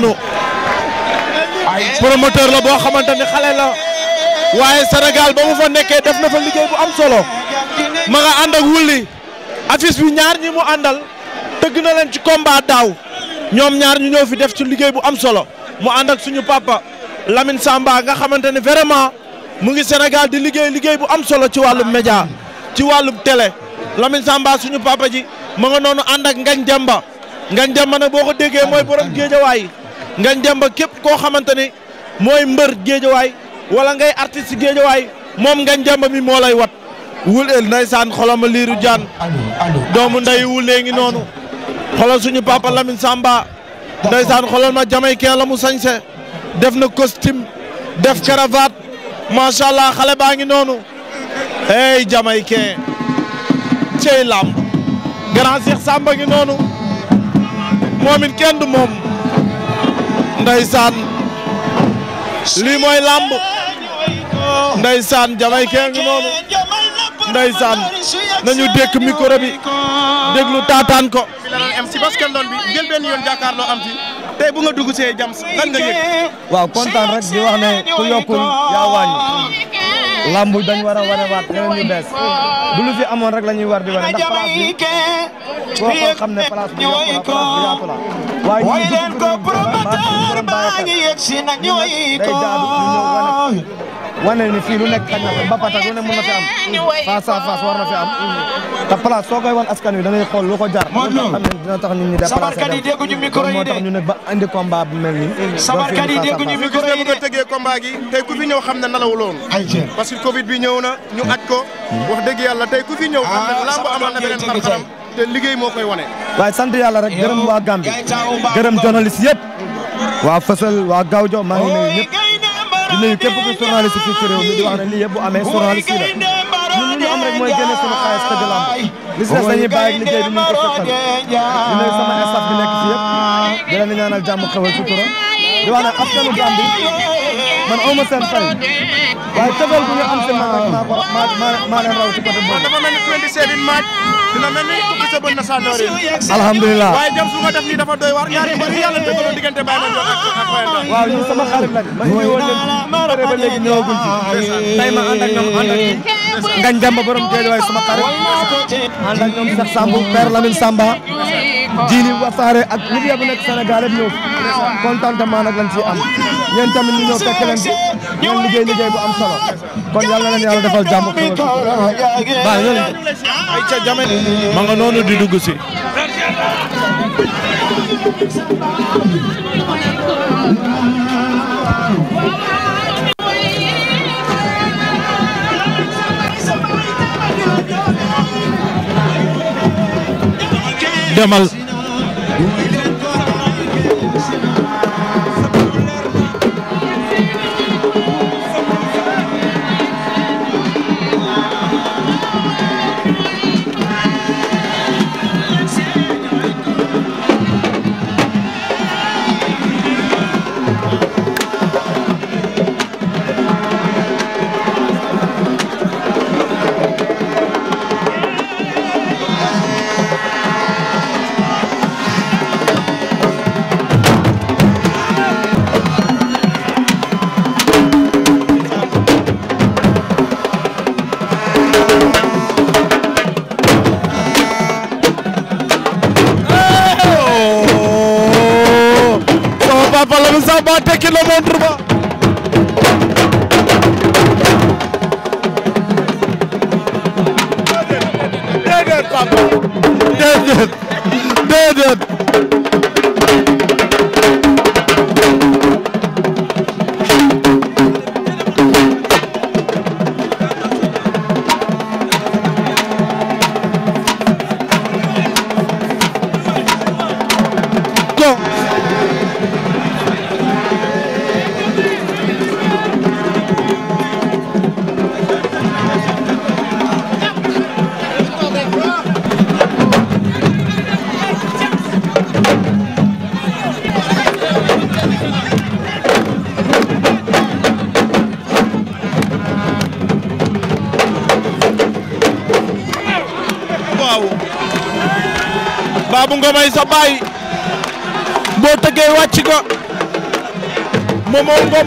noonu ay promoteur la boo xamante ni xale la waaye Sénégal ba mu nekkee def na fa liggéey solo ma nga ànd ak wulli affiche ñaar ñi mu àndal tëgg na leen ci combat ñoom ñaar ñu ñëw fi def ci liggéey bu am solo mu ànd ak suñu papa Lamine Samba nga xamante ne vraiment mu ngi senegal di liggéey liggéey bu am solo ci wàllum média ci wàllum télé Lamine sàmba suñu papa ji ma nga noonu ànd ak Ngagne Demba Ngagne Demba nag boo ko déggee mooy borom géejawaay ngañ dem képp koo xamante ni mooy mbër géejawaay wala ngay artiste géejawaay moom ngañ dem ba mi moo lay wat. wul el ndeysaan xolama liiru jaan doomu nday wul nee noonu xolal suñu papa Lamine Samba ndeysaan xolal ma jamaïcain la mu sañse def na costume def cravate macha allah xale baa ngi noonu hey jamaïcain cey làmb grand Cheikh Samba ngi noonu moom kenn moom ndeysaan lii mooy làmb ndeysaan jamay kee ngi noonu ndeysaan nañu dék micro bi déglu taataan ko bi la am si baskel doon bi jël benn yoon jàkkaarloo am fi tey bu nga dugg see jam lan nga yëg waaw kontaan rek di wax na ku yokkul yaa wàññi lamb dañ war a wane waat leneen bees bu lu fi amoon rek la ñuy war di wane ndax place ko xam ne place bi yokku la place bi yaatu la waaye ñu yaa ngi yegg si nag ñooy wane ni fii lu nekk xañ na fa ba pata lu ne mën na fi am face à face war na fi am te place soo koy wan askan wi da ngay xool lu ko jar dina tax nit ñi sabarkat yi dégguñu micro yi ñu ne ba indi combat bu mel nii sabarkat yi dégguñu micro yi de tëggee combat gi tey ku fi ñëw xam ne nalaw loon parce que covid bi ñëw na ñu aj ko wax dëgg yàlla tey ku fi ñëw xam ne ah, lamb amal na beneen xar-xaram te liggéey moo koy wane waaye sant yàlla rek gërëm waa Gambie gërëm journaliste yëpp waa Fësal waa Gawjo maa ngi nuyu ñëpp di nuyu képp ku journaliste fii ci réew mi di wax ne lii yëpp bu amee journaliste yi la ñun li ñu am rek mooy génne sama xaalis tëgg lamb li si des dañuy bàyyi ak liggéey bi ñu ngi ko sottal di nuyu sama staff bi nekk fii yëpp di leen di ñaanal jàmm xewal sutura di wax ne askanu Gàmbi man aw ma seen fay waaye tëgal bu ñu am si maa maa maa leen raw ci côté boobu. dina mel ni ku gisee ba nasaandoor yi. alhamdulilah waaye jëm su ma def nii dafa doy waar ñaari mbir yàlla dëggaloo diggante Baye Mandione ak ak Baye Mandione. waaw ñun sama xarit lañ. ma indi woon leen ba léegi ñëwagul ci. tey ma ànd ak ñoom ànd ak ngañ Demba borom géej waaye sama xarit. ànd ak ñoom sax Samb Père Lamine Samba. diini wasaare ak ñi nga nekk Sénégal yëpp ñëw kontaan nag lañ ciy am. ñeen tamit ñu ñëw fekk leen ci ñoom liggéey liggéey bu am solo. kon yàlla leen yàlla defal jàmm baax na ay ca jamen ma nga noonu di dugg si demal waaw Babou Ngomay sa baay boo tëggee wàcc nga Momo Ngom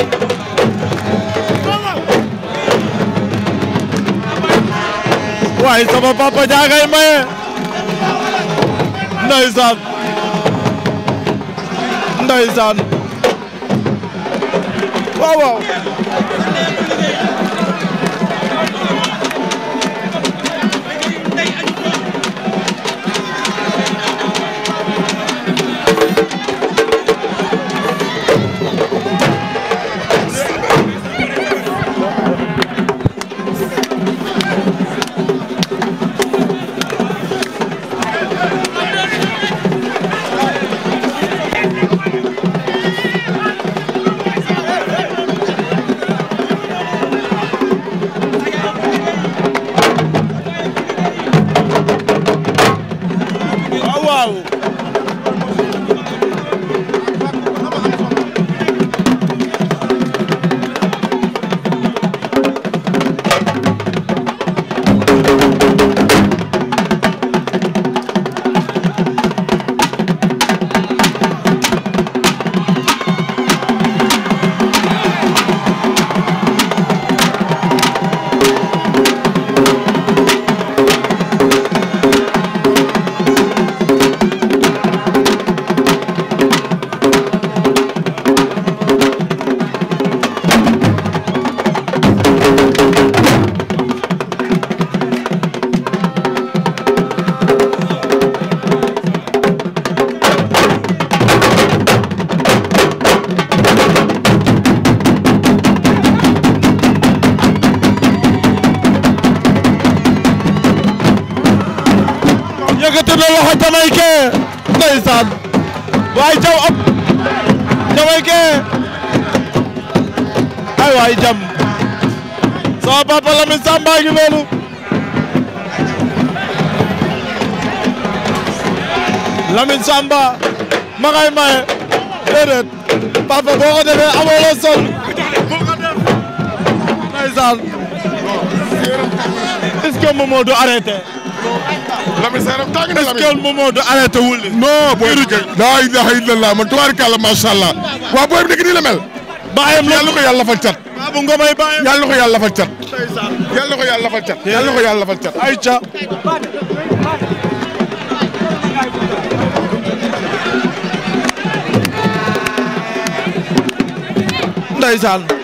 waaye sama papa jaagay maye ndeysaan ndeysaan waaw waaw na loxo Samba ngi noonu Lamine papa boo ko defee amoo loo sol ndeysaan est-ce que moom Lamine Seydou tàng na Lamine est-ce que moom du arrêté wul. non booy bi kay laa ilaaha illallah man tubaarikàlla macha allah. waaw booy bi nii la mel. baayam la yàlla ko yàlla fal cat. waaw bu ngomay baayam yàlla ko yàlla fal cat. yàlla ko yàlla fal cat. yàlla ko yàlla fal cat. ay ca. ndeysaan